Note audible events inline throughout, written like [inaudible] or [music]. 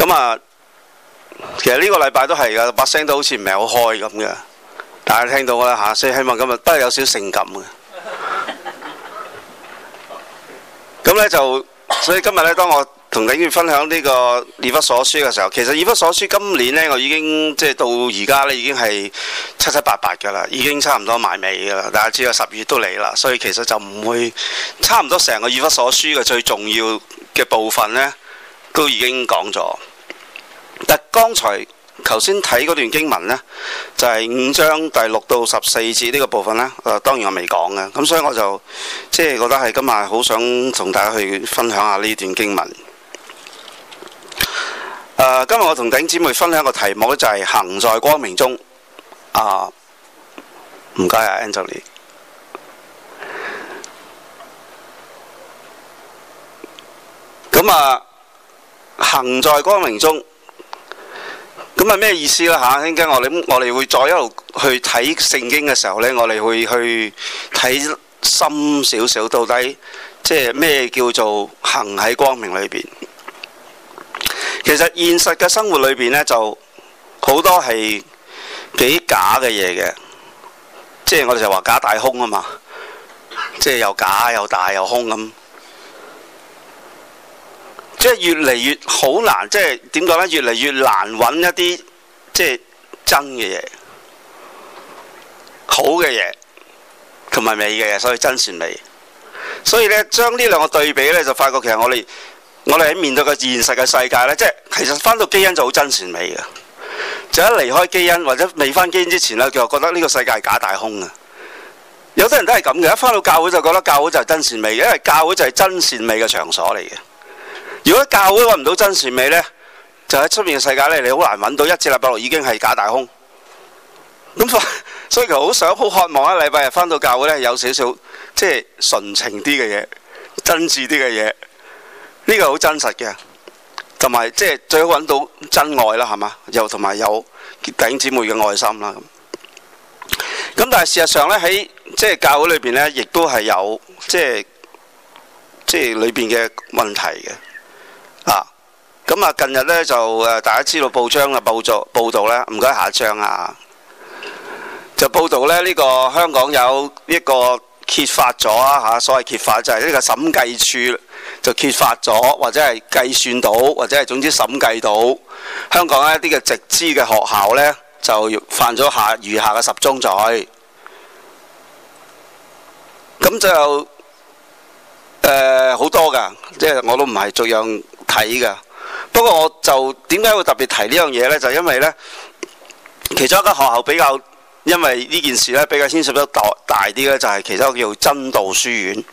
咁啊，其實呢個禮拜都係噶，把聲都好似唔係好開咁嘅，大家聽到㗎啦吓，所以希望今日都係有少少性感嘅。咁 [laughs] 呢就，所以今日呢，當我同景月分享呢、這個《以弗所書》嘅時候，其實《以弗所書》今年呢，我已經即係到而家呢，已經係七七八八㗎啦，已經差唔多埋尾㗎啦。大家知啦，十月都嚟啦，所以其實就唔會差唔多成個《以弗所書》嘅最重要嘅部分呢，都已經講咗。嗱，剛才頭先睇嗰段經文呢，就係、是、五章第六到十四節呢個部分呢。誒、啊，當然我未講嘅，咁所以我就即係覺得係今日好想同大家去分享下呢段經文。啊、今日我同頂姊妹分享個題目呢，就係、是、行在光明中。啊，唔該啊 Angeli，咁啊，行在光明中。咁係咩意思呢？嚇，陣間我諗我哋我哋會再一路去睇聖經嘅時候呢，我哋會去睇深少少，到底即係咩叫做行喺光明裏邊。其實現實嘅生活裏邊呢，就好多係幾假嘅嘢嘅，即係我哋就話假大空啊嘛，即係又假又大又空咁。即係越嚟越好難，即係點講呢？越嚟越難揾一啲即係真嘅嘢、好嘅嘢同埋美嘅嘢，所以真善美。所以呢，將呢兩個對比呢，就發覺其實我哋我哋喺面對個現實嘅世界呢，即係其實翻到基恩就好真善美嘅。就一離開基恩或者未翻基恩之前呢，就覺得呢個世界係假大空嘅。有啲人都係咁嘅，一翻到教會就覺得教會就係真善美嘅，因為教會就係真善美嘅場所嚟嘅。如果教會揾唔到真善美呢，就喺出面嘅世界呢，你好難揾到一至禮拜六已經係假大空。咁 [laughs] 所以佢好想、好渴望一禮拜日翻到教會呢，有少少即係純情啲嘅嘢、真摯啲嘅嘢。呢個好真實嘅，同埋即係最好揾到真愛啦，係嘛？又同埋有弟兄姊妹嘅愛心啦。咁但係事實上呢，喺即係教會裏邊呢，亦都係有即係即係裏邊嘅問題嘅。咁啊！近日呢，就誒，大家知道報章嘅報作報道呢，唔該下一章啊，就報道呢，呢、這個香港有一、這個揭發咗吓，所謂揭發就係、是、呢個審計處就揭發咗，或者係計算到，或者係總之審計到香港一啲嘅直資嘅學校呢，就犯咗下餘下嘅十宗罪。咁就誒好、呃、多噶，即、就、係、是、我都唔係逐樣睇噶。不過我就點解會特別提呢樣嘢呢？就是、因為呢其中一間學校比較，因為呢件事呢比較牽涉得大大啲呢，就係、是、其中一個叫真道書院。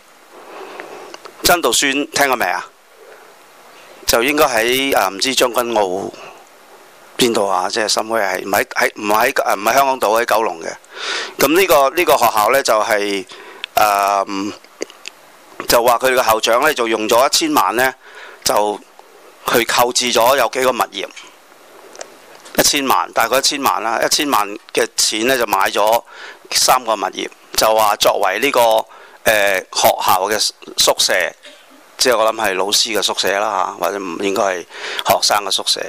真道書院聽過未啊？就應該喺誒唔知將軍澳邊度啊？即係新開係唔喺喺唔喺唔喺香港島喺九龍嘅。咁呢、這個呢、這個學校呢，就係、是、誒、啊、就話佢哋嘅校長呢，就用咗一千萬呢。就。佢購置咗有幾個物業，一千萬，大概一千萬啦，一千萬嘅錢呢，就買咗三個物業，就話作為呢、這個誒、呃、學校嘅宿舍，即係我諗係老師嘅宿舍啦嚇，或者唔應該係學生嘅宿舍。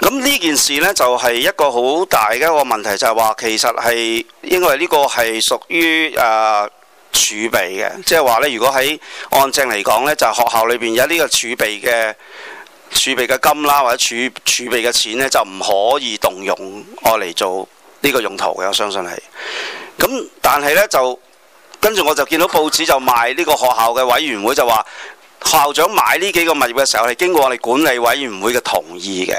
咁呢件事呢，就係、是、一個好大嘅一個問題，就係、是、話其實係因為呢個係屬於誒。呃儲備嘅，即係話咧，如果喺按正嚟講咧，就係學校裏邊有呢個儲備嘅儲備嘅金啦，或者儲儲備嘅錢咧，就唔可以動用我嚟做呢個用途嘅，我相信係。咁但係咧，就跟住我就見到報紙就賣呢個學校嘅委員會就話，校長買呢幾個物業嘅時候係經過我哋管理委員會嘅同意嘅，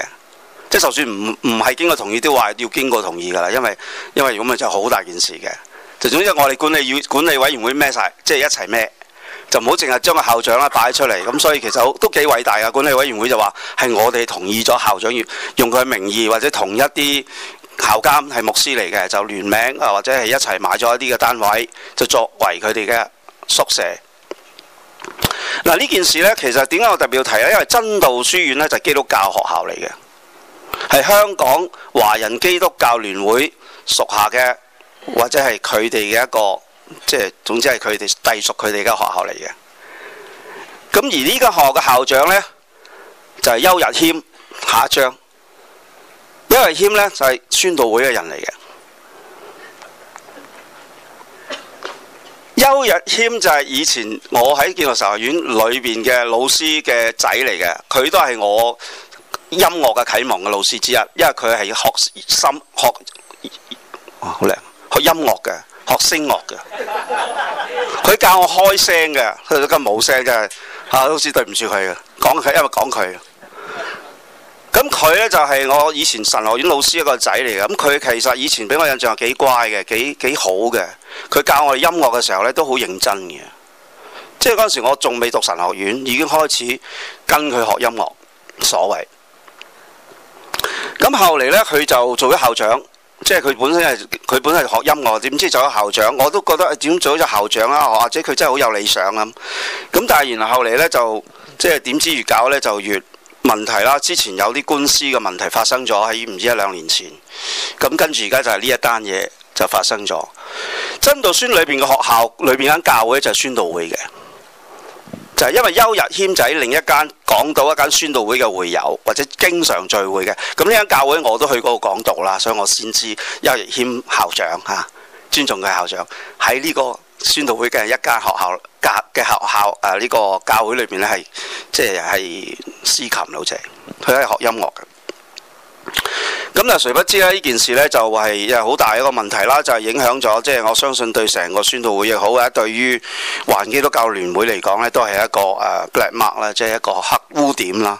即係就算唔唔係經過同意都話要經過同意噶啦，因為因為咁咪就好大件事嘅。就總之我哋管理管理委員會孭晒，即係一齊孭，就唔好淨係將個校長啦擺出嚟。咁所以其實都幾偉大㗎。管理委員會就話係我哋同意咗校長用用佢嘅名義或者同一啲校監係牧師嚟嘅，就聯名啊或者係一齊買咗一啲嘅單位，就作為佢哋嘅宿舍。嗱呢件事呢，其實點解我特別要提呢？因為真道書院呢，就係基督教學校嚟嘅，係香港華人基督教聯會屬下嘅。或者係佢哋嘅一個，即係總之係佢哋隸屬佢哋間學校嚟嘅。咁而呢間學校嘅校長呢，就係、是、邱日謙，下一張。邱日謙呢，就係、是、宣道會嘅人嚟嘅。邱日謙就係以前我喺建樂實學院裏邊嘅老師嘅仔嚟嘅，佢都係我音樂嘅啟蒙嘅老師之一，因為佢係學心學好靚。啊學音樂嘅、學聲樂嘅，佢 [laughs] 教我開聲嘅，佢都咁冇聲嘅。係，吓，老師，對唔住佢啊！講佢，因為講佢。咁佢呢，就係、是、我以前神學院老師一個仔嚟嘅，咁佢其實以前俾我印象係幾乖嘅，幾幾好嘅。佢教我哋音樂嘅時候呢，都好認真嘅。即係嗰時我仲未讀神學院，已經開始跟佢學音樂，所謂。咁後嚟呢，佢就做咗校長。即係佢本身係佢本身係學音樂，點知做咗校長？我都覺得點、啊、做咗校長啦、啊，或者佢真係好有理想咁。咁但係然後來後嚟呢，就即係點知越搞呢就越問題啦。之前有啲官司嘅問題發生咗喺唔知一兩年前。咁跟住而家就係呢一單嘢就發生咗。真道宣裏邊嘅學校裏邊間教會就係宣道會嘅。就係因為邱日謙仔另一間港島一間宣道會嘅會友，或者經常聚會嘅。咁呢間教會我都去過港島啦，所以我先知邱日謙校長嚇、啊，尊重佢校長喺呢個宣道會嘅一間學校隔嘅學校誒呢、啊呢個教會裏邊咧係即係係司琴老謝，佢係學音樂嘅。咁啊，誰不知咧？呢件事咧就係好大一個問題啦，就係、是、影響咗，即、就、係、是、我相信對成個宣道會亦好嘅，對於環基督教聯會嚟講咧，都係一個誒 black mark 啦，即係一個黑污點啦。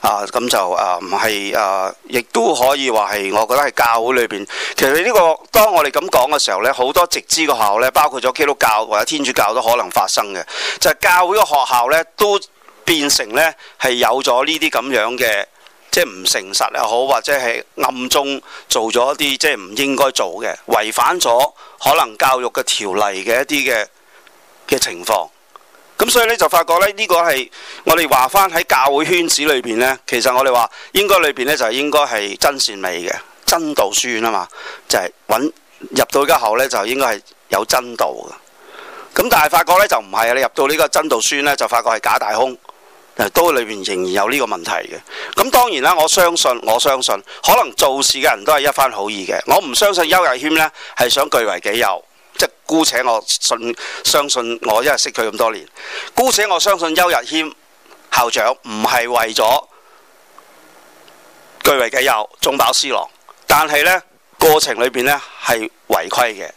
啊，咁就唔係誒，亦都可以話係，我覺得係教會裏邊，其實呢、這個當我哋咁講嘅時候咧，好多直資嘅學校咧，包括咗基督教或者天主教都可能發生嘅，就係、是、教會學校咧都變成咧係有咗呢啲咁樣嘅。即係唔誠實又好，或者係暗中做咗一啲即係唔應該做嘅，違反咗可能教育嘅條例嘅一啲嘅嘅情況。咁所以咧就發覺咧呢個係我哋話返喺教會圈子裏邊咧，其實我哋話應該裏邊咧就係應該係真善美嘅真道書院啊嘛，就係揾入到家後咧就應該係有真道嘅。咁但係發覺咧就唔係，你入到呢個真道書院咧就發覺係假大空。都裏面仍然有呢個問題嘅。咁當然啦，我相信，我相信可能做事嘅人都係一番好意嘅。我唔相信邱日謙呢係想據為己有，即姑且我信相信我，因為識佢咁多年，姑且我相信邱日謙校長唔係為咗據為己有、中飽私囊，但係呢過程裏邊呢係違規嘅，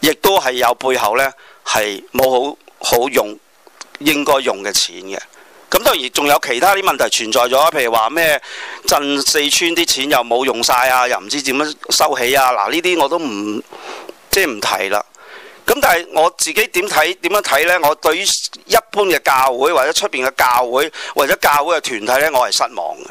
亦都係有背後呢係冇好好用應該用嘅錢嘅。咁當然仲有其他啲問題存在咗，譬如話咩賑四川啲錢又冇用晒啊，又唔知點樣收起啊，嗱呢啲我都唔即係唔提啦。咁但係我自己點睇點樣睇呢？我對於一般嘅教會或者出邊嘅教會或者教會嘅團體呢，我係失望嘅。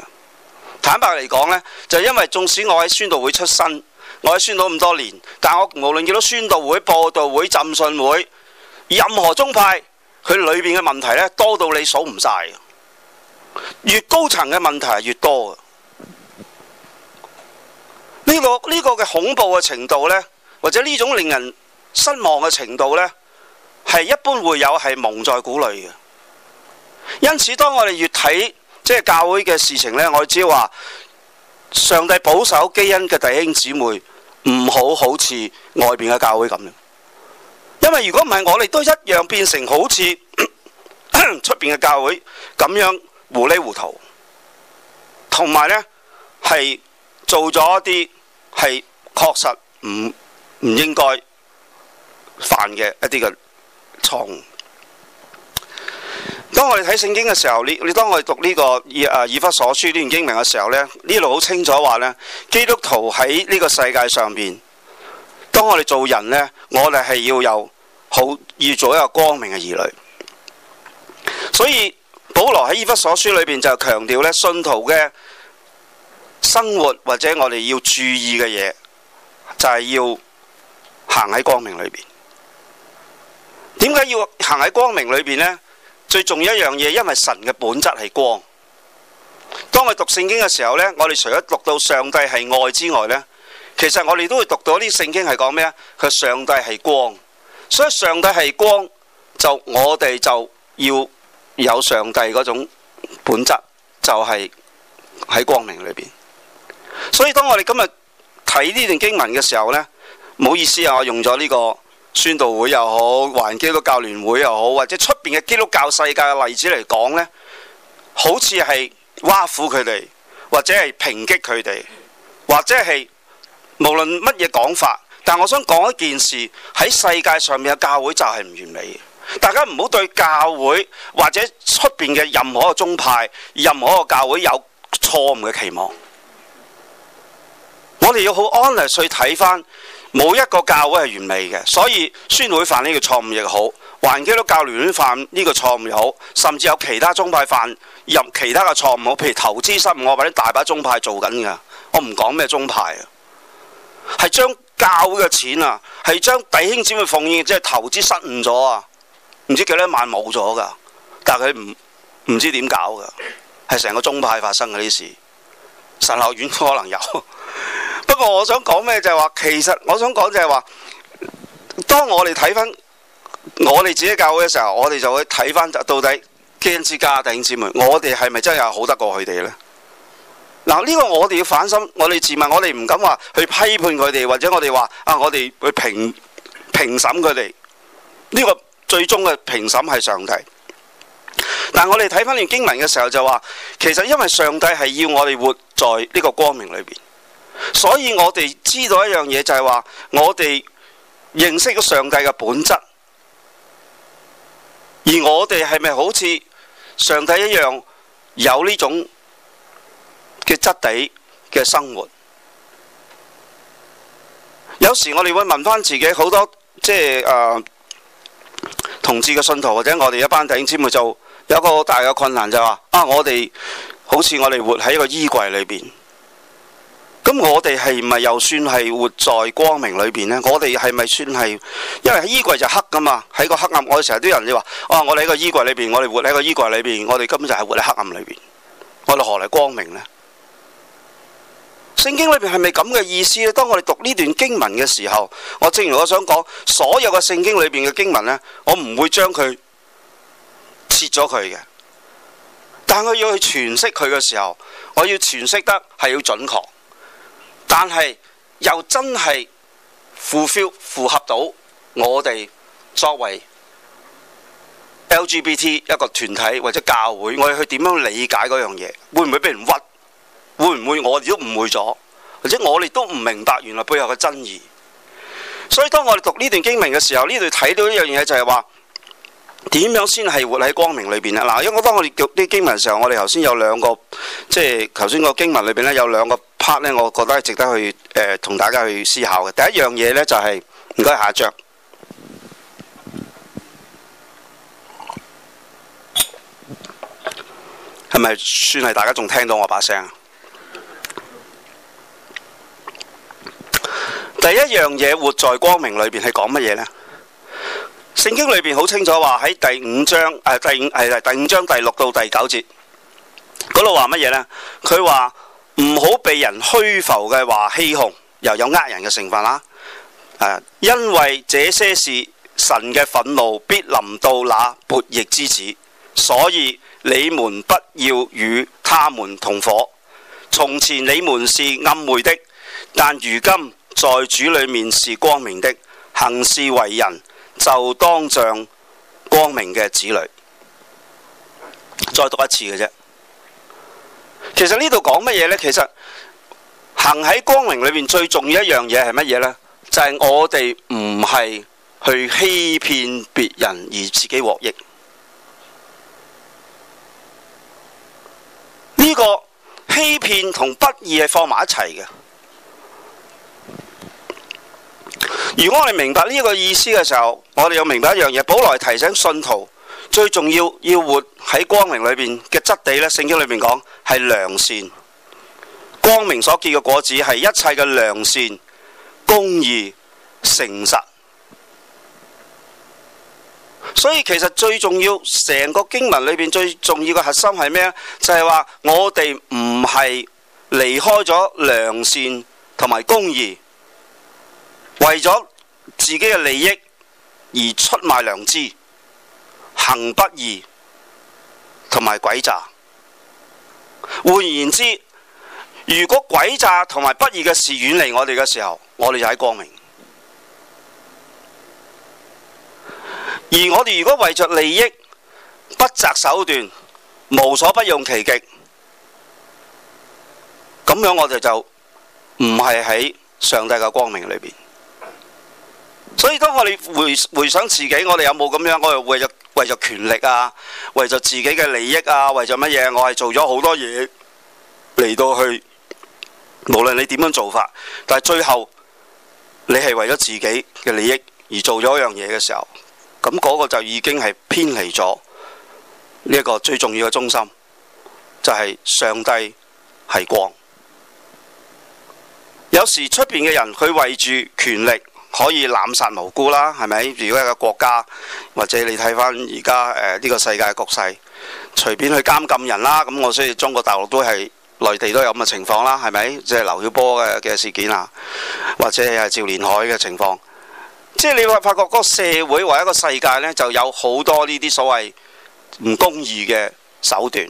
坦白嚟講呢，就是、因為縱使我喺宣道會出身，我喺宣道咁多年，但我無論見到宣道會、播道會、浸信會，任何宗派。佢裏面嘅問題咧多到你數唔晒，越高層嘅問題係越多呢、這個呢、這個嘅恐怖嘅程度咧，或者呢種令人失望嘅程度咧，係一般會有係蒙在鼓裡嘅。因此，當我哋越睇即係教會嘅事情咧，我哋只要話上帝保守基因嘅弟兄姊妹，唔好好似外邊嘅教會咁。因為如果唔係，我哋都一樣變成好似出邊嘅教會咁樣糊裏糊塗，同埋呢係做咗一啲係確實唔唔應該犯嘅一啲嘅錯誤。當我哋睇聖經嘅時候，你你當我哋讀呢個以啊以弗所書呢段經文嘅時候呢，呢度好清楚話呢：基督徒喺呢個世界上邊。當我哋做人呢，我哋係要有好，要做一個光明嘅兒女。所以保羅喺以弗所書裏邊就強調呢，信徒嘅生活或者我哋要注意嘅嘢，就係要行喺光明裏邊。點解要行喺光明裏邊呢？最重要一樣嘢，因為神嘅本質係光。當我讀聖經嘅時候呢，我哋除咗讀到上帝係愛之外呢。其實我哋都會讀到啲聖經係講咩？佢上帝係光，所以上帝係光，就我哋就要有上帝嗰種本質，就係喺光明裏邊。所以當我哋今日睇呢段經文嘅時候呢，唔好意思啊，我用咗呢個宣道會又好，華人基督教聯會又好，或者出邊嘅基督教世界嘅例子嚟講呢，好似係挖苦佢哋，或者係抨擊佢哋，或者係無論乜嘢講法，但我想講一件事，喺世界上面嘅教會就係唔完美。大家唔好對教會或者出邊嘅任何一個宗派，任何看看一個教會有錯誤嘅期望。我哋要好 analyse 去睇翻，冇一個教會係完美嘅。所以宣會犯呢個錯誤亦好，還基督教亂犯呢個錯誤又好，甚至有其他宗派犯入其他嘅錯誤，譬如投資失誤或者大把宗派做緊嘅，我唔講咩宗派啊。係將教會嘅錢啊，係將弟兄姊妹奉獻，即係投資失誤咗啊，唔知幾多萬冇咗噶，但係佢唔唔知點搞噶，係成個宗派發生嘅啲事，神學院可能有。 [laughs] 不過我想講咩就係話，其實我想講就係話，當我哋睇翻我哋自己教會嘅時候，我哋就會睇翻到底，基恩之家弟兄姊妹，我哋係咪真係好得過佢哋呢？嗱，呢個我哋要反心，我哋自問，我哋唔敢話去批判佢哋，或者我哋話啊，我哋去評評審佢哋。呢個最終嘅評審係上帝。但我哋睇翻段經文嘅時候就話，其實因為上帝係要我哋活在呢個光明裏邊，所以我哋知道一樣嘢就係話，我哋認識咗上帝嘅本質，而我哋係咪好似上帝一樣有呢種？嘅質地嘅生活，有時我哋會問翻自己好多，即係誒、啊、同志嘅信徒或者我哋一班弟兄姊妹，咪就有個大嘅困難就話啊！我哋好似我哋活喺個衣櫃裏邊，咁我哋係咪又算係活在光明裏邊呢？我哋係咪算係因為喺衣櫃就黑噶嘛？喺個黑暗，我哋成日啲人就話啊！我哋喺個衣櫃裏邊，我哋活喺個衣櫃裏邊，我哋根本就係活喺黑暗裏邊，我哋何嚟光明呢？聖經裏邊係咪咁嘅意思咧？當我哋讀呢段經文嘅時候，我正如我想講，所有嘅聖經裏邊嘅經文呢，我唔會將佢切咗佢嘅，但我要去詮釋佢嘅時候，我要詮釋得係要準確，但係又真係 fulfill 符合到我哋作為 LGBT 一個團體或者教會，我要去點樣理解嗰樣嘢，會唔會俾人屈？會唔會我哋都誤會咗，或者我哋都唔明白原來背後嘅真義？所以當我哋讀呢段經文嘅時候，呢度睇到一樣嘢就係話，點樣先係活喺光明裏邊啊？嗱，因為我當我哋讀啲經文嘅時候，我哋頭先有兩個，即係頭先個經文裏邊呢，有兩個 part 咧，我覺得係值得去誒同、呃、大家去思考嘅。第一樣嘢呢，就係唔該下着，係咪算係大家仲聽到我把聲啊？第一樣嘢活在光明裏邊係講乜嘢呢？聖經裏邊好清楚話喺第五章誒、啊，第五係、啊、第五章第六到第九節嗰度話乜嘢呢？佢話唔好被人虛浮嘅話欺哄，又有呃人嘅成分啦、啊。因為這些事神嘅憤怒必臨到那悖逆之子，所以你們不要與他們同夥。從前你們是暗昧的，但如今。在主裏面是光明的，行事為人就當像光明嘅子女。再讀一次嘅啫。其實呢度講乜嘢呢？其實行喺光明裏面最重要一樣嘢係乜嘢呢？就係、是、我哋唔係去欺騙別人而自己獲益。呢，這個欺騙同不義係放埋一齊嘅。如果我哋明白呢一個意思嘅時候，我哋又明白一樣嘢。保羅提醒信徒，最重要要活喺光明裏邊嘅質地咧。聖經裏邊講係良善，光明所結嘅果子係一切嘅良善，公義、誠實。所以其實最重要，成個經文裏邊最重要嘅核心係咩？就係話我哋唔係離開咗良善同埋公義，為咗自己嘅利益而出賣良知、行不義同埋詭詐，換言之，如果詭詐同埋不義嘅事遠離我哋嘅時候，我哋就喺光明；而我哋如果為着利益不擇手段、無所不用其極，咁樣我哋就唔係喺上帝嘅光明裏邊。所以當我哋回回想自己，我哋有冇咁樣？我哋為着為着權力啊，為着自己嘅利益啊，為着乜嘢？我係做咗好多嘢嚟到去。無論你點樣做法，但係最後你係為咗自己嘅利益而做咗一樣嘢嘅時候，咁嗰個就已經係偏離咗呢一個最重要嘅中心，就係上帝係光。有時出邊嘅人佢為住權力。可以濫殺無辜啦，係咪？如果一個國家，或者你睇返而家誒呢個世界局勢，隨便去監禁人啦，咁、啊、我所以中國大陸都係內地都有咁嘅情況啦，係咪？即係劉曉波嘅嘅事件啊，或者係趙連海嘅情況，即係你會發覺嗰個社會或者個世界呢，就有好多呢啲所謂唔公義嘅手段，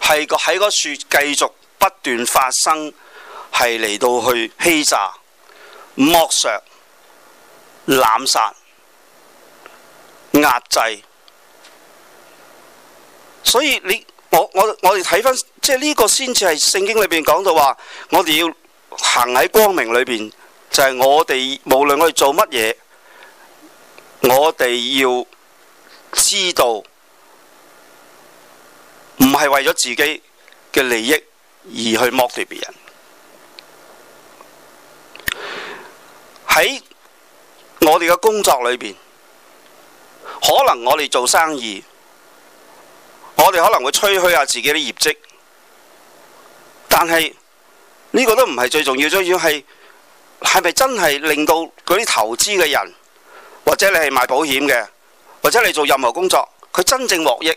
係個喺嗰處繼續不斷發生，係嚟到去欺詐、剝削，濫殺、壓制，所以你我我我哋睇返，即係呢個先至係聖經裏邊講到話，我哋要行喺光明裏邊，就係、是、我哋無論我哋做乜嘢，我哋要知道，唔係為咗自己嘅利益，而去剝奪別人喺。我哋嘅工作裏邊，可能我哋做生意，我哋可能會吹噓下自己啲業績，但係，呢個都唔係最重要，最重要係係咪真係令到嗰啲投資嘅人，或者你係賣保險嘅，或者你做任何工作，佢真正獲益？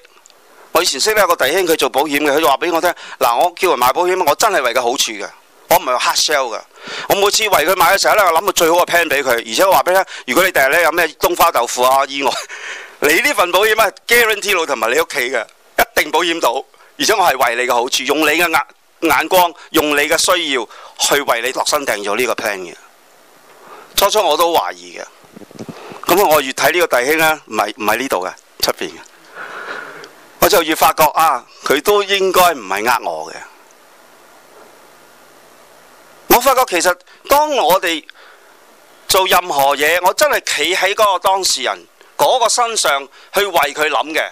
我以前識得一個弟兄，佢做保險嘅，佢就話俾我聽，嗱，我叫人買保險，我真係為佢好處嘅。我唔係 hard sell 噶，我每次為佢買嘅時候呢，我諗到最好嘅 plan 俾佢，而且我話俾你聽，如果你第日呢有咩冬瓜豆腐啊、意外， [laughs] 你呢份保險係 guarantee 到同埋你屋企嘅，一定保險到，而且我係為你嘅好處，用你嘅眼眼光，用你嘅需要去為你落身訂做呢個 plan 嘅。初初我都懷疑嘅，咁我越睇呢個弟兄呢，唔係唔係呢度嘅，出邊嘅，我就越發覺啊，佢都應該唔係呃我嘅。我發覺其實當我哋做任何嘢，我真係企喺嗰個當事人嗰個身上去為佢諗嘅，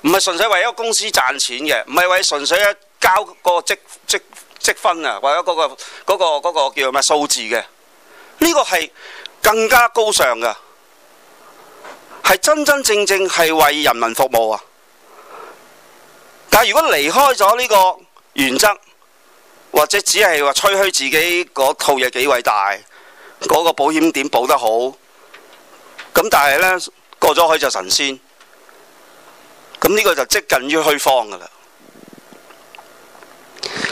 唔係純粹為一個公司賺錢嘅，唔係為純粹嘅交個積積積分啊，或者嗰個嗰個嗰個叫咩數字嘅，呢個係更加高尚噶，係真真正正係為人民服務啊！但係如果離開咗呢個原則，或者只係話吹噓自己嗰套嘢，幾偉大，嗰、嗰個保險點保得好，咁但係呢，過咗去就神仙，咁呢個就接近於虛方噶啦。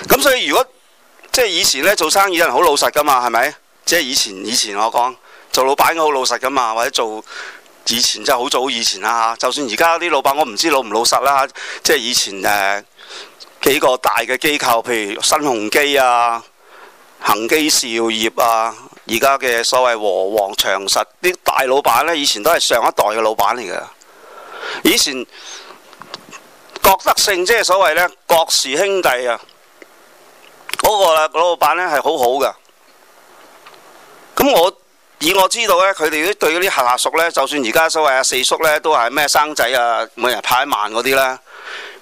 咁所以如果即係以前呢，做生意人好老實噶嘛，係咪？即係以前以前我講做老闆都好老實噶嘛，或者做以前即係好早以前啦，就算而家啲老闆我唔知老唔老實啦，即係以前誒。呃幾個大嘅機構，譬如新鴻基啊、恒基兆業啊，而家嘅所謂和黃長實啲大老闆呢，以前都係上一代嘅老闆嚟嘅。以前郭德勝即係所謂咧郭氏兄弟啊，嗰、嗰個老闆呢係好好嘅。咁我。以我知道呢佢哋啲對嗰啲下下屬呢，就算而家所謂阿四叔呢，都係咩生仔啊，每人派一萬嗰啲呢。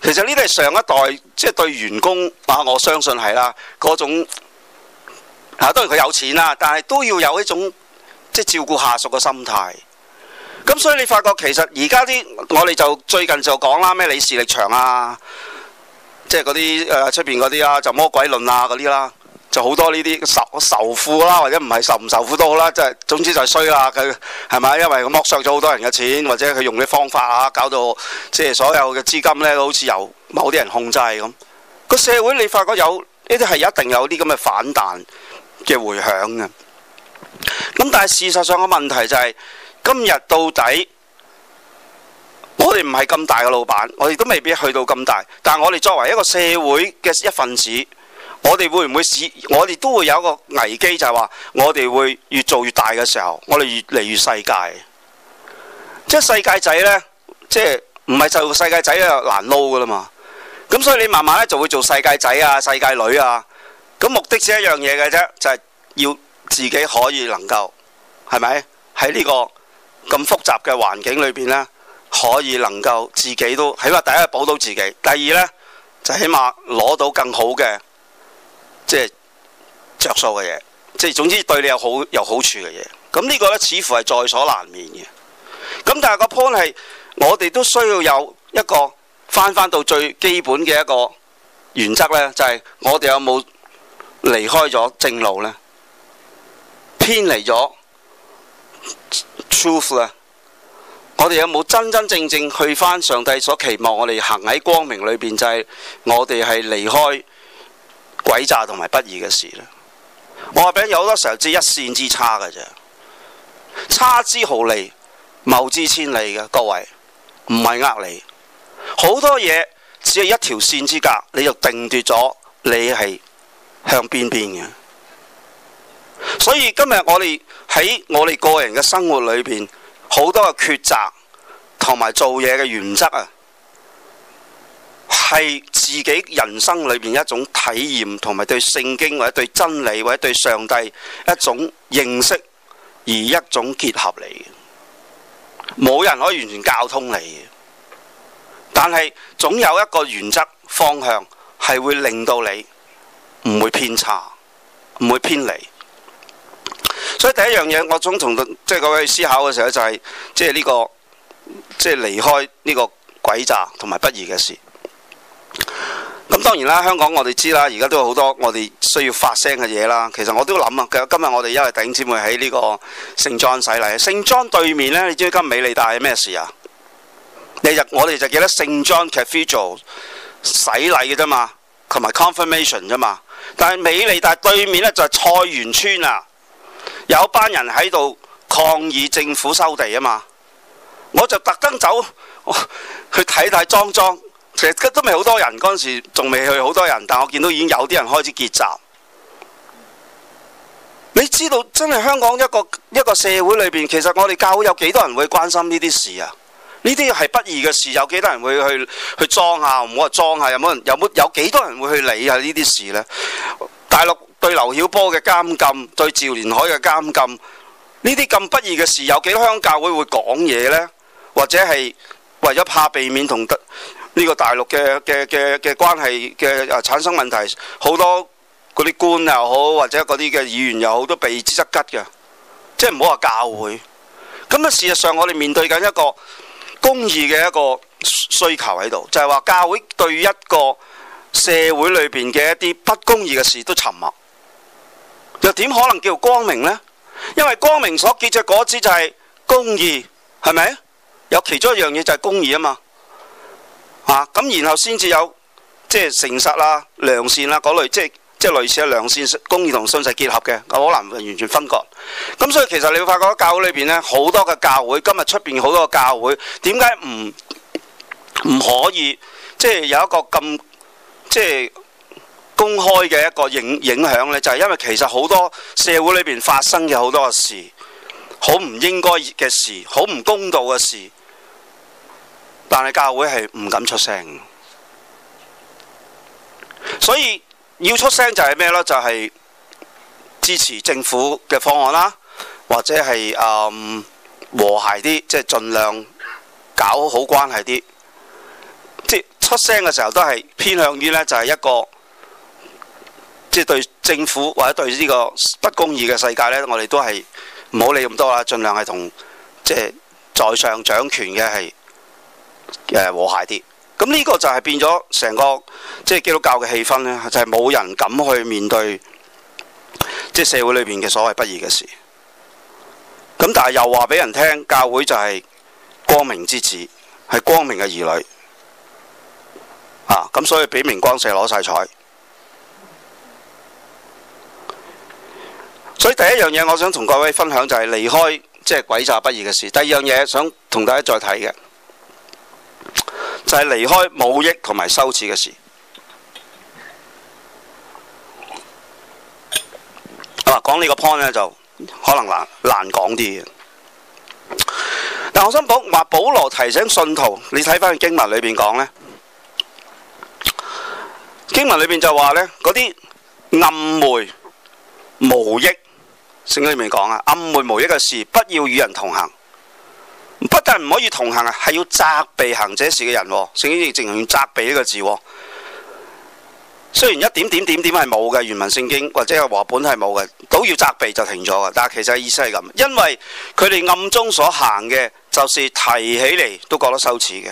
其實呢啲係上一代即係、就是、對員工，啊，我相信係啦，嗰種嚇，當然佢有錢啦、啊，但係都要有呢種即係、就是、照顧下屬嘅心態。咁所以你發覺其實而家啲我哋就最近就講啦，咩李氏力場啊，即係嗰啲出邊嗰啲啊，就魔鬼論啊嗰啲啦。就好多呢啲仇仇富啦，或者唔係仇唔仇富都好啦，即係總之就係衰啦。佢係咪？因為佢剝削咗好多人嘅錢，或者佢用啲方法啊，搞到即係所有嘅資金呢都好似由某啲人控制咁。個社會你發覺有呢啲係一定有啲咁嘅反彈嘅迴響嘅。咁但係事實上嘅問題就係、是，今日到底我哋唔係咁大嘅老闆，我哋都未必去到咁大。但係我哋作為一個社會嘅一份子。我哋會唔會使？我哋都會有一個危機，就係話我哋會越做越大嘅時候，我哋越嚟越世界。即係世界仔呢，即係唔係做世界仔啊，難撈㗎喇嘛。咁所以你慢慢咧就會做世界仔啊、世界女啊。咁目的只一樣嘢嘅啫，就係、是、要自己可以能夠係咪喺呢個咁複雜嘅環境裏邊呢，可以能夠自己都起碼第一保到自己，第二呢，就起碼攞到更好嘅。即係着數嘅嘢，即係總之對你有好有好處嘅嘢。咁呢個呢，似乎係在所難免嘅。咁但係個 point 係，我哋都需要有一個翻翻到最基本嘅一個原則呢，就係我哋有冇離開咗正路呢？偏離咗 truth 啊？我哋有冇真真正正去翻上帝所期望我哋行喺光明裏邊？就係我哋係離開。詭詐同埋不義嘅事啦，我話俾你，有好多時候只係一線之差嘅啫，差之毫厘，謬之千里嘅，各位，唔係呃你，好多嘢只係一條線之隔，你就定奪咗你係向邊邊嘅。所以今日我哋喺我哋個人嘅生活裏邊，好多嘅抉擇同埋做嘢嘅原則啊。係自己人生裏邊一種體驗，同埋對聖經或者對真理或者對上帝一種認識而一種結合嚟嘅，冇人可以完全教通你嘅。但係總有一個原則方向係會令到你唔會偏差，唔會偏離。所以第一樣嘢，我想同即係各位去思考嘅時候就係即係呢個即係、就是、離開呢個詭詐同埋不義嘅事。咁當然啦，香港我哋知啦，而家都有好多我哋需要發聲嘅嘢啦。其實我都諗啊，今日我哋因為弟兄姊妹喺呢個聖堂洗禮，聖堂對面呢，你知唔知今日美利達係咩事啊？你入我哋就記得聖堂 Cathedral 洗禮嘅啫嘛，同埋 Confirmation 啫嘛。但係美利達對面呢，就係菜園村啊，有班人喺度抗議政府收地啊嘛。我就特登走去睇睇莊莊。其實都未好多人嗰陣時仲未去，好多人，但我見到已經有啲人開始結集。你知道真係香港一個一個社會裏邊，其實我哋教會有幾多人會關心呢啲事啊？呢啲係不義嘅事，有幾多人會去去裝下？唔好話裝下有冇人，有冇有幾多人會去理下呢啲事呢？大陸對劉曉波嘅監禁，對趙連海嘅監禁，呢啲咁不義嘅事，有幾多香港教會會講嘢呢？或者係為咗怕避免同呢個大陸嘅嘅嘅嘅關係嘅啊產生問題，好多嗰啲官又好，或者嗰啲嘅議員又好都避之則吉。嘅，即係唔好話教會。咁啊，事實上我哋面對緊一個公義嘅一個需求喺度，就係話教會對一個社會裏邊嘅一啲不公義嘅事都沉默，又點可能叫光明呢？因為光明所結嘅果子就係公義，係咪？有其中一樣嘢就係公義啊嘛。咁、啊、然後先至有即係誠實啦、啊、良善啦、啊、嗰類，即係即係類似嘅良善公義同信實結合嘅，咁好難完全分割。咁所以其實你會發覺喺教會裏邊咧，好多嘅教會，今日出邊好多嘅教會，點解唔唔可以即係有一個咁即係公開嘅一個影影響咧？就係、是、因為其實好多社會裏邊發生嘅好多嘅事，好唔應該嘅事，好唔公道嘅事。但係教會係唔敢出聲，所以要出聲就係咩咧？就係支持政府嘅方案啦，或者係誒、嗯、和諧啲，即係盡量搞好關係啲。即出聲嘅時候都係偏向於呢，就係一個即係對政府或者對呢個不公義嘅世界呢，我哋都係唔好理咁多啦，盡量係同即係在上掌權嘅係。誒，和諧啲，咁呢個就係變咗成個即係、就是、基督教嘅氣氛咧，就係、是、冇人敢去面對即係、就是、社會裏邊嘅所謂不義嘅事。咁但係又話俾人聽教會就係光明之子，係光明嘅兒女啊！咁所以俾明光社攞晒彩。所以第一樣嘢我想同各位分享就係離開即係、就是、鬼詐不義嘅事。第二樣嘢想同大家再睇嘅。就係離開無益同埋羞恥嘅事。啊，講呢個 point 呢，就可能難難講啲。但我想講，話保羅提醒信徒，你睇翻去經文裏邊講呢。經文裏邊就話呢，嗰啲暗昧無益，聖經裏面講啊，暗昧無益嘅事，不要與人同行。不但唔可以同行啊，係要責備行這事嘅人、哦。聖經亦直情用責備呢個字、哦。雖然一點點點點係冇嘅，原文聖經或者係和本係冇嘅，都要責備就停咗嘅。但係其實意思係咁，因為佢哋暗中所行嘅，就是提起嚟，都覺得羞恥嘅。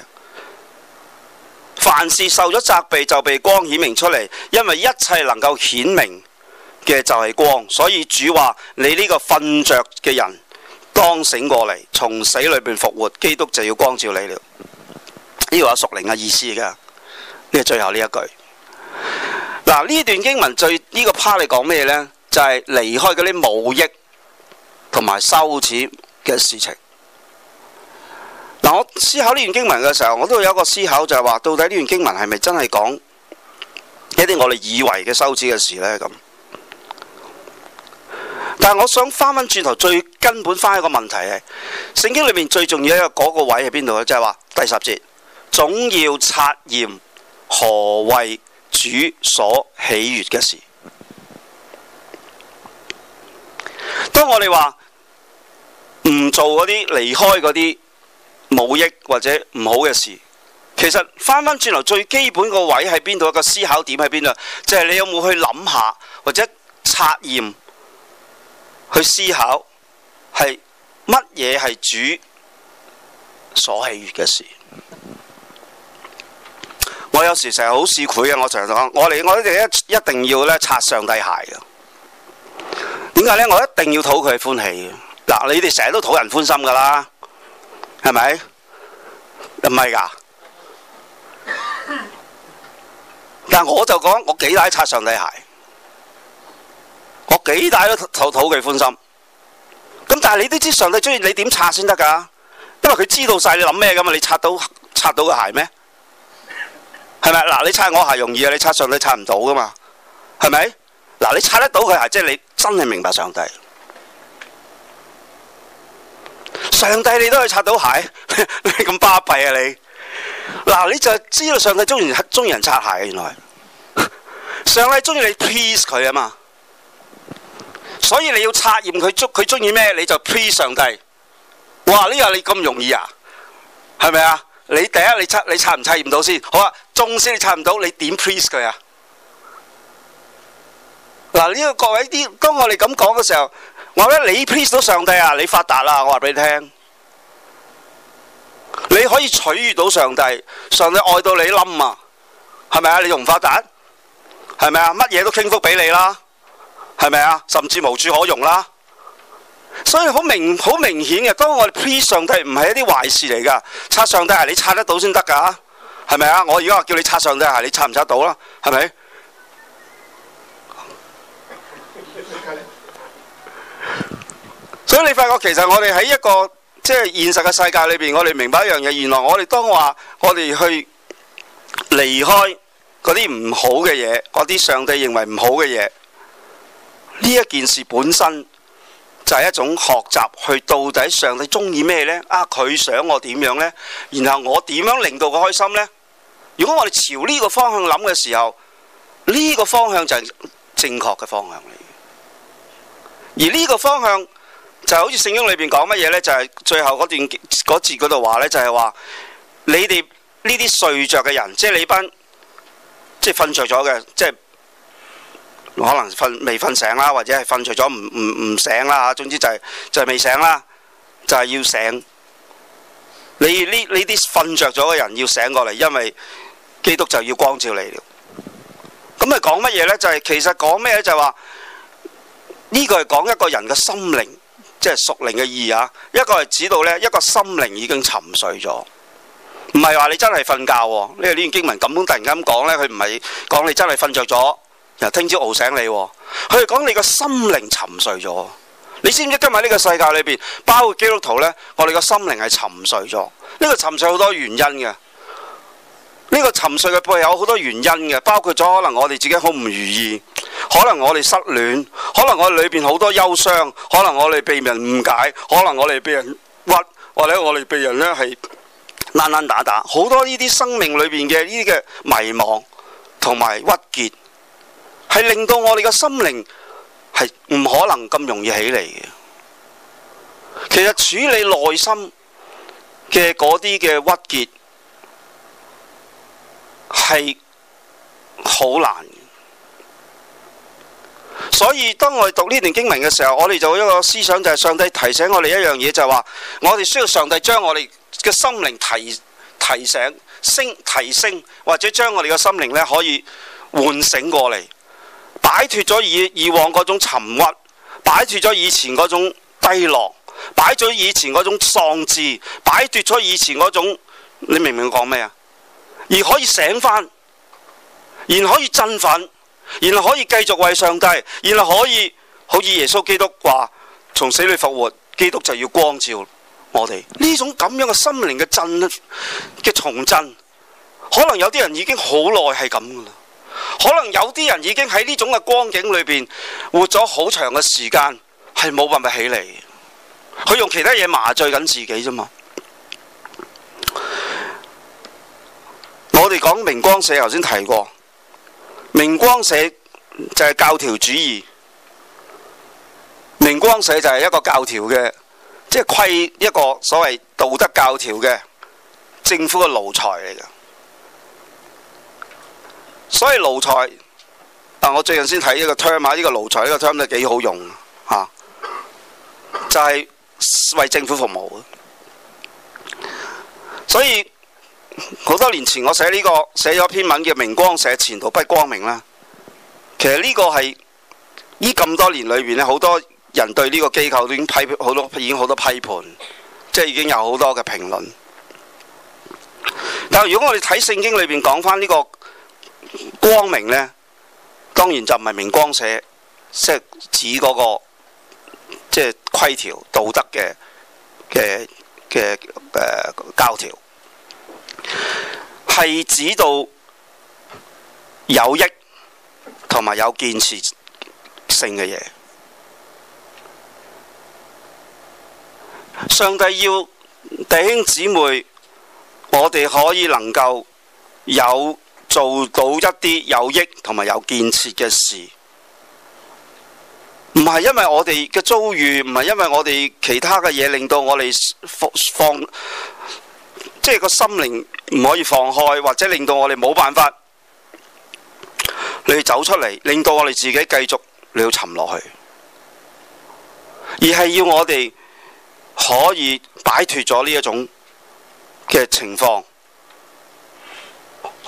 凡事受咗責備，就被光顯明出嚟。因為一切能夠顯明嘅就係光，所以主話：你呢個瞓着嘅人，當醒過嚟，從死裏邊復活，基督就要光照你了。呢個阿屬靈嘅意思㗎，呢係最後呢一句。嗱，呢段經文最呢、這個 part 你講咩呢？就係、是、離開嗰啲無益同埋羞恥嘅事情。嗱，我思考呢段經文嘅時候，我都有一個思考就係話，到底呢段經文係咪真係講一啲我哋以為嘅羞恥嘅事呢？咁。但係我想翻翻轉頭，最根本翻一個問題係聖經裡面最重要一個嗰個位係邊度咧？即係話第十節，總要察驗何為主所喜悦嘅事。當我哋話唔做嗰啲離開嗰啲冇益或者唔好嘅事，其實翻翻轉頭最基本個位喺邊度？一個思考點喺邊度？即係你有冇去諗下或者察驗？去思考係乜嘢，係主所喜悅嘅事。我有時成日好市儈啊，我成日講，我哋我哋一一定要咧擦上帝鞋嘅。點解咧？我一定要討佢歡喜。嗱，你哋成日都討人歡心噶啦，係咪？唔係噶。但我就講，我幾大擦上帝鞋。我幾大都討討佢歡心咁，但係你都知上帝中意你點擦先得噶，因為佢知道晒你諗咩噶嘛。你擦到擦到個鞋咩？係咪嗱？你擦我鞋容易啊，你擦上帝擦唔到噶嘛？係咪嗱？你擦得到佢鞋，即係你真係明白上帝。上帝你都可以擦到鞋， [laughs] 你咁巴閉啊！你嗱，你就知道上帝中意中意人擦鞋啊，原來上帝中意你 please 佢啊嘛。所以你要測驗佢中佢中意咩，你就 please 上帝。哇！呢、這個你咁容易啊？係咪啊？你第一你測你測唔測驗到先？好啊，縱使你測唔到，你點 please 佢啊？嗱、啊，呢、這個各位啲當我哋咁講嘅時候，話咩你 please 到上帝啊，你發達啦！我話俾你聽，你可以取悦到上帝，上帝愛到你冧啊！係咪啊？你仲唔發達？係咪啊？乜嘢都傾覆俾你啦！係咪啊？甚至無處可用啦，所以好明好明顯嘅。當我哋 please 上帝唔係一啲壞事嚟噶，擦上帝鞋你擦得到先得噶，係咪啊？是是我而家話叫你擦上帝鞋，你擦唔擦到啦，啊？係咪？ [laughs] 所以你發覺其實我哋喺一個即係現實嘅世界裏邊，我哋明白一樣嘢，原來我哋當話我哋去離開嗰啲唔好嘅嘢，嗰啲上帝認為唔好嘅嘢。呢一件事本身就係一種學習，去到底上帝中意咩呢？啊，佢想我點樣呢？然後我點樣令到佢開心呢？如果我哋朝呢個方向諗嘅時候，呢個方向就係正確嘅方向嚟。而呢個方向就好似聖經裏邊講乜嘢呢？就係最後嗰段嗰節嗰度話呢，就係話你哋呢啲睡着嘅人，即係你班即係瞓着咗嘅，即係。可能瞓未瞓醒啦，或者係瞓着咗唔唔唔醒啦吓，總之就係就係未醒啦，就係要醒。你呢呢啲瞓着咗嘅人要醒過嚟，因為基督就要光照你了。咁係講乜嘢咧？就係其實講咩咧？就係話呢個係講一個人嘅心靈，即係屬靈嘅意義啊。一個係指到咧，一個心靈已經沉睡咗，唔係話你真係瞓覺。呢個呢段經文咁突然間講咧，佢唔係講你真係瞓着咗。又聽朝熬醒你、哦，佢哋講你個心靈沉睡咗。你知唔知今日呢個世界裏邊，包括基督徒呢，我哋個心靈係沉睡咗。呢個沉睡好多原因嘅，呢個沉睡嘅背後有好多原因嘅，包括咗可能我哋自己好唔如意，可能我哋失戀，可能我哋裏邊好多憂傷，可能我哋被人誤解，可能我哋被人屈，或者我哋被人呢係爛爛打打，好多呢啲生命裏邊嘅呢啲嘅迷茫同埋鬱結。係令到我哋嘅心靈係唔可能咁容易起嚟嘅。其實處理內心嘅嗰啲嘅鬱結係好難，所以當我哋讀呢段經文嘅時候，我哋就一個思想，就係上帝提醒我哋一樣嘢，就係話我哋需要上帝將我哋嘅心靈提提醒升提升，或者將我哋嘅心靈呢可以喚醒過嚟。擺脫咗以以往嗰種沉鬱，擺脫咗以前嗰種低落，擺脫咗以前嗰種喪志，擺脫咗以前嗰種，你明唔明我講咩啊？而可以醒翻，然後可以振奮，然後可以繼續為上帝，然後可以好似耶穌基督話從死裏復活，基督就要光照我哋呢種咁樣嘅心靈嘅震嘅重振，可能有啲人已經好耐係咁噶啦。可能有啲人已經喺呢種嘅光景裏邊活咗好長嘅時間，係冇辦法起嚟。佢用其他嘢麻醉緊自己啫嘛。我哋講明光社，頭先提過，明光社就係教條主義，明光社就係一個教條嘅，即係規一個所謂道德教條嘅政府嘅奴才嚟嘅。所以奴才，但、啊、我最近先睇呢個 term 啊，呢、這個奴才呢、這個 term 都幾好用吓、啊，就係、是、為政府服務啊。所以好多年前我寫呢、這個寫咗篇文叫《明光社前途不光明》啦。其實呢個係呢咁多年裏邊咧，好多人對呢個機構都已經批好多，已經好多批判，即係已經有好多嘅評論。但如果我哋睇聖經裏邊講翻呢個。光明呢，當然就唔係明光社，即係指嗰，那個即係規條道德嘅嘅嘅誒教條，係、呃、指到有益同埋有建設性嘅嘢。上帝要弟兄姊妹，我哋可以能夠有。做到一啲有益同埋有建設嘅事，唔係因為我哋嘅遭遇，唔係因為我哋其他嘅嘢令到我哋放放，即係個心靈唔可以放開或者令到我哋冇辦法，你走出嚟，令到我哋自己繼續，你要沉落去，而係要我哋可以擺脫咗呢一種嘅情況。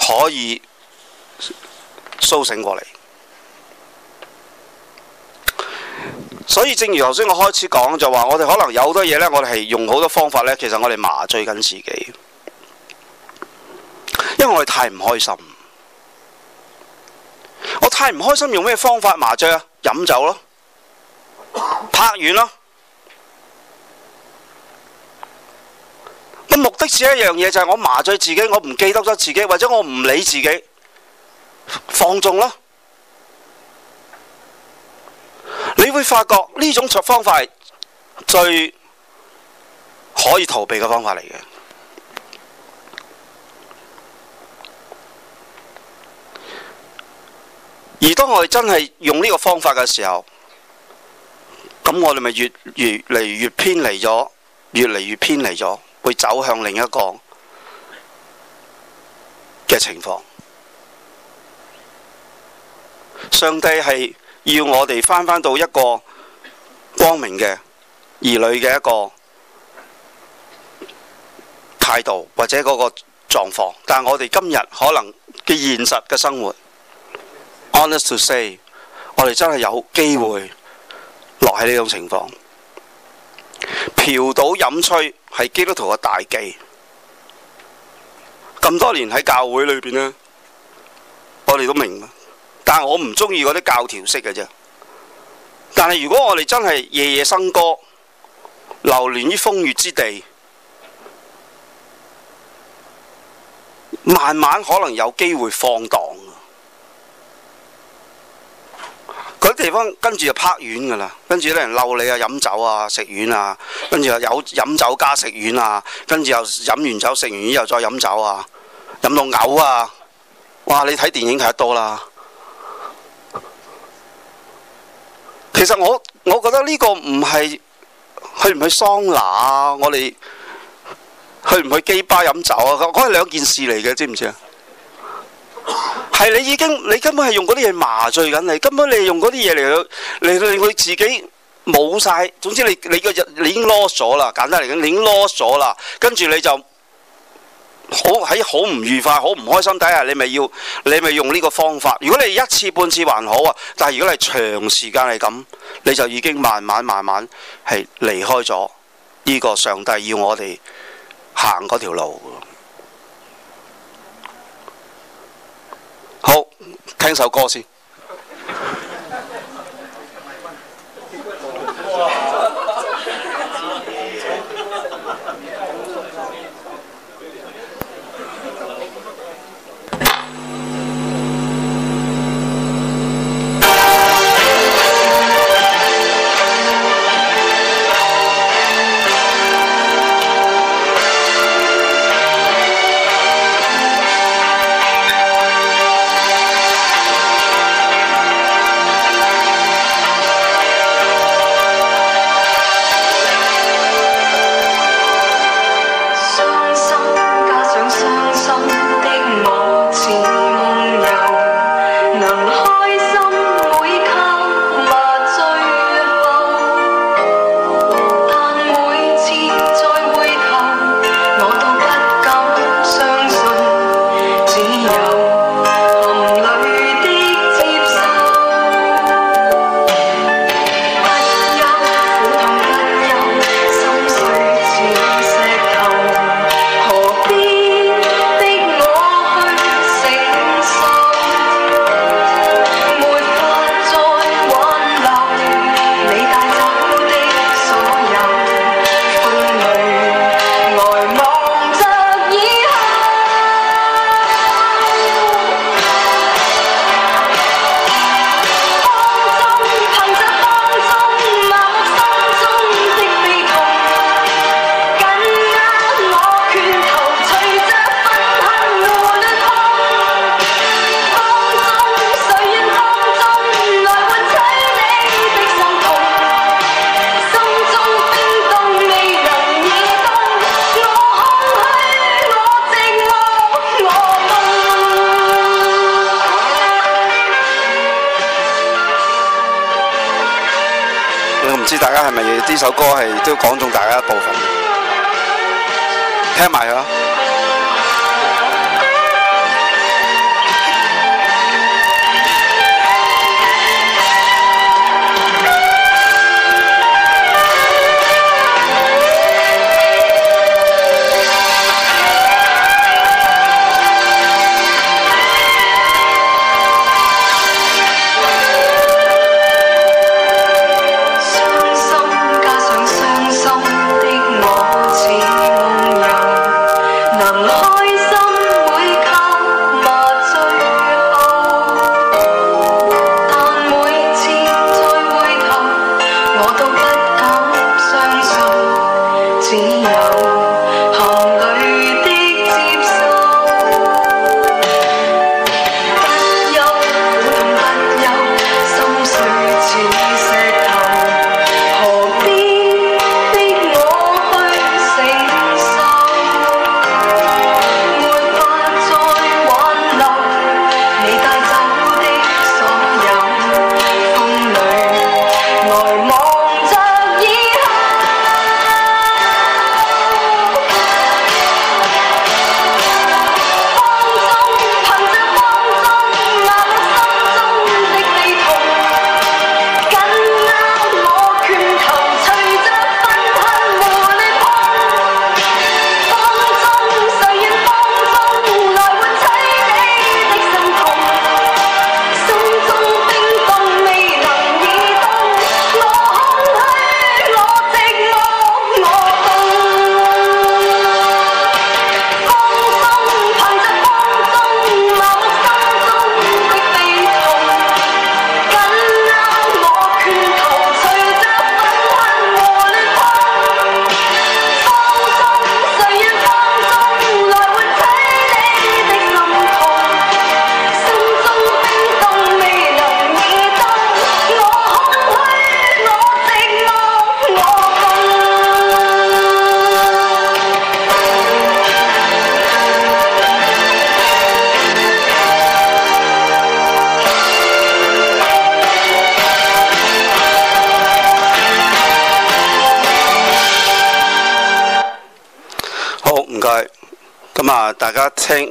可以蘇醒過嚟，所以正如頭先我開始講就話，我哋可能有好多嘢呢。我哋係用好多方法呢。其實我哋麻醉緊自己，因為我哋太唔開心，我太唔開心，用咩方法麻醉啊？飲酒咯，拍完咯。目的是一樣嘢，就係、是、我麻醉自己，我唔記得咗自己，或者我唔理自己，放縱咯。你會發覺呢種方法係最可以逃避嘅方法嚟嘅。而當我哋真係用呢個方法嘅時候，咁我哋咪越越嚟越、越偏離咗，越嚟越偏離咗。會走向另一個嘅情況。上帝係要我哋返返到一個光明嘅兒女嘅一個態度或者嗰個狀況，但係我哋今日可能嘅現實嘅生活，honest to say，我哋真係有機會落喺呢種情況。嫖賭飲吹係基督徒嘅大忌。咁多年喺教會裏邊呢，我哋都明。但我唔中意嗰啲教條式嘅啫。但係如果我哋真係夜夜笙歌，流連於風月之地，慢慢可能有機會放蕩。嗰啲地方跟住就拍丸噶啦，跟住有人鬧你啊，飲酒啊，食丸啊，跟住又有飲酒加食丸啊，跟住又飲完酒食完丸又再飲酒啊，飲到嘔啊！哇，你睇電影睇得多啦。其實我我覺得呢個唔係去唔去桑拿啊，我哋去唔去基吧飲酒啊，嗰係兩件事嚟嘅，知唔知啊？係你已經，你根本係用嗰啲嘢麻醉緊你，根本你係用嗰啲嘢嚟到，嚟到令佢自己冇晒。總之你你個日已經囉嗦啦，簡單嚟講，你已經囉嗦啦。跟住你，你就好喺好唔愉快、好唔開心底下，你咪要你咪用呢個方法。如果你一次半次還好啊，但係如果你係長時間係咁，你就已經慢慢慢慢係離開咗呢個上帝要我哋行嗰條路。好，聽首歌先。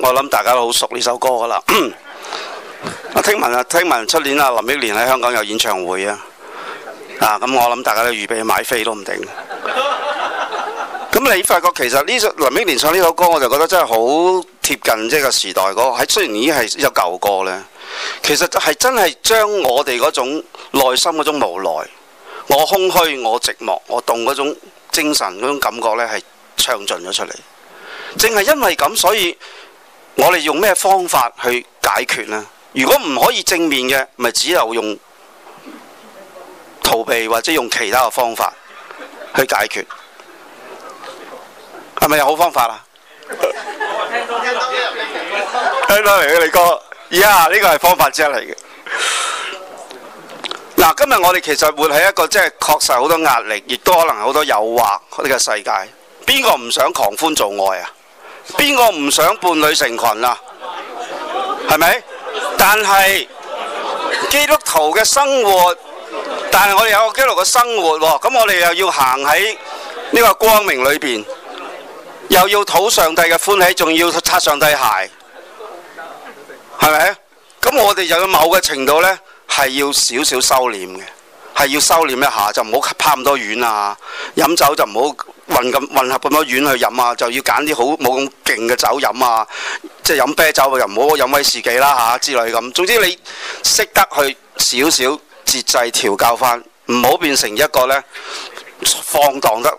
我諗大家都好熟呢首歌噶啦。我聽聞啊，聽聞出年啊林憶蓮喺香港有演唱會啊。啊，咁、嗯、我諗大家都預備買飛都唔定。咁 [laughs] 你發覺其實呢林憶蓮唱呢首歌，我就覺得真係好貼近即係個時代個。喺雖然已經係一舊歌呢，其實係真係將我哋嗰種內心嗰種無奈、我空虛、我寂寞、我凍嗰種精神嗰種感覺呢，係唱盡咗出嚟。正係因為咁，所以。我哋用咩方法去解決呢？如果唔可以正面嘅，咪只有用逃避或者用其他嘅方法去解決，係咪有好方法啊？聽到，嚟嘅你哥，yeah，呢個係方法之一嚟嘅。嗱，今日我哋其實活喺一個即係確實好多壓力，亦都可能好多誘惑呢個世界。邊個唔想狂歡做愛啊？.邊個唔想伴侶成群啦、啊？係咪？但係基督徒嘅生活，但係我哋有個基督徒嘅生活、啊，咁我哋又要行喺呢個光明裏邊，又要討上帝嘅歡喜，仲要擦上帝鞋，係咪？咁我哋就要某個程度呢，係要少少收斂嘅，係要收斂一下，就唔好怕咁多遠啊，飲酒就唔好。混咁混合咁多丸去飲啊，就要揀啲好冇咁勁嘅酒飲啊，即係飲啤酒又唔好飲威士忌啦嚇之類咁。總之你識得去少少節制調教返，唔好變成一個呢放蕩得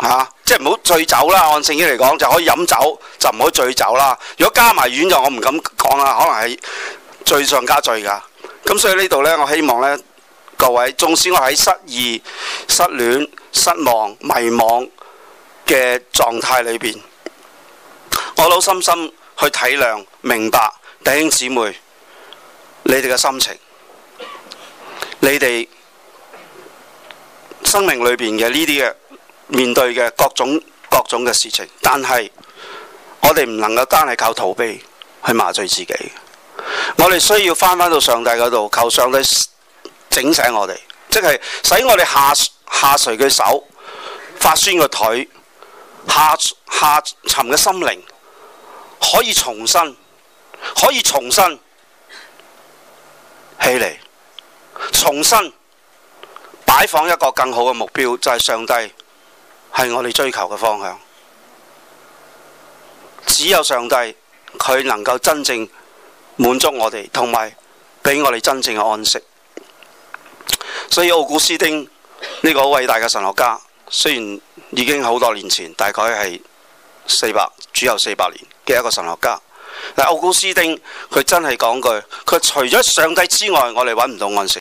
嚇、啊，即係唔好醉酒啦。按聖經嚟講就可以飲酒，就唔好醉酒啦。如果加埋丸就我唔敢講啦，可能係醉上加醉㗎。咁所以呢度呢，我希望呢各位，縱使我喺失意、失戀、失望、迷惘嘅狀態裏邊，我都深深去體諒、明白弟兄姊妹你哋嘅心情，你哋生命裏邊嘅呢啲嘅面對嘅各種各種嘅事情，但係我哋唔能夠單係靠逃避去麻醉自己，我哋需要翻返到上帝嗰度，求上帝整醒我哋，即係使我哋下下垂嘅手發酸嘅腿。下，下沉嘅心靈可以重新，可以重新起嚟，重新擺放一個更好嘅目標，就係、是、上帝係我哋追求嘅方向。只有上帝佢能夠真正滿足我哋，同埋俾我哋真正嘅安息。所以奧古斯丁呢、這個好偉大嘅神學家。雖然已經好多年前，大概係四百主後四百年嘅一個神學家，但奧古斯丁，佢真係講句，佢除咗上帝之外，我哋揾唔到安息。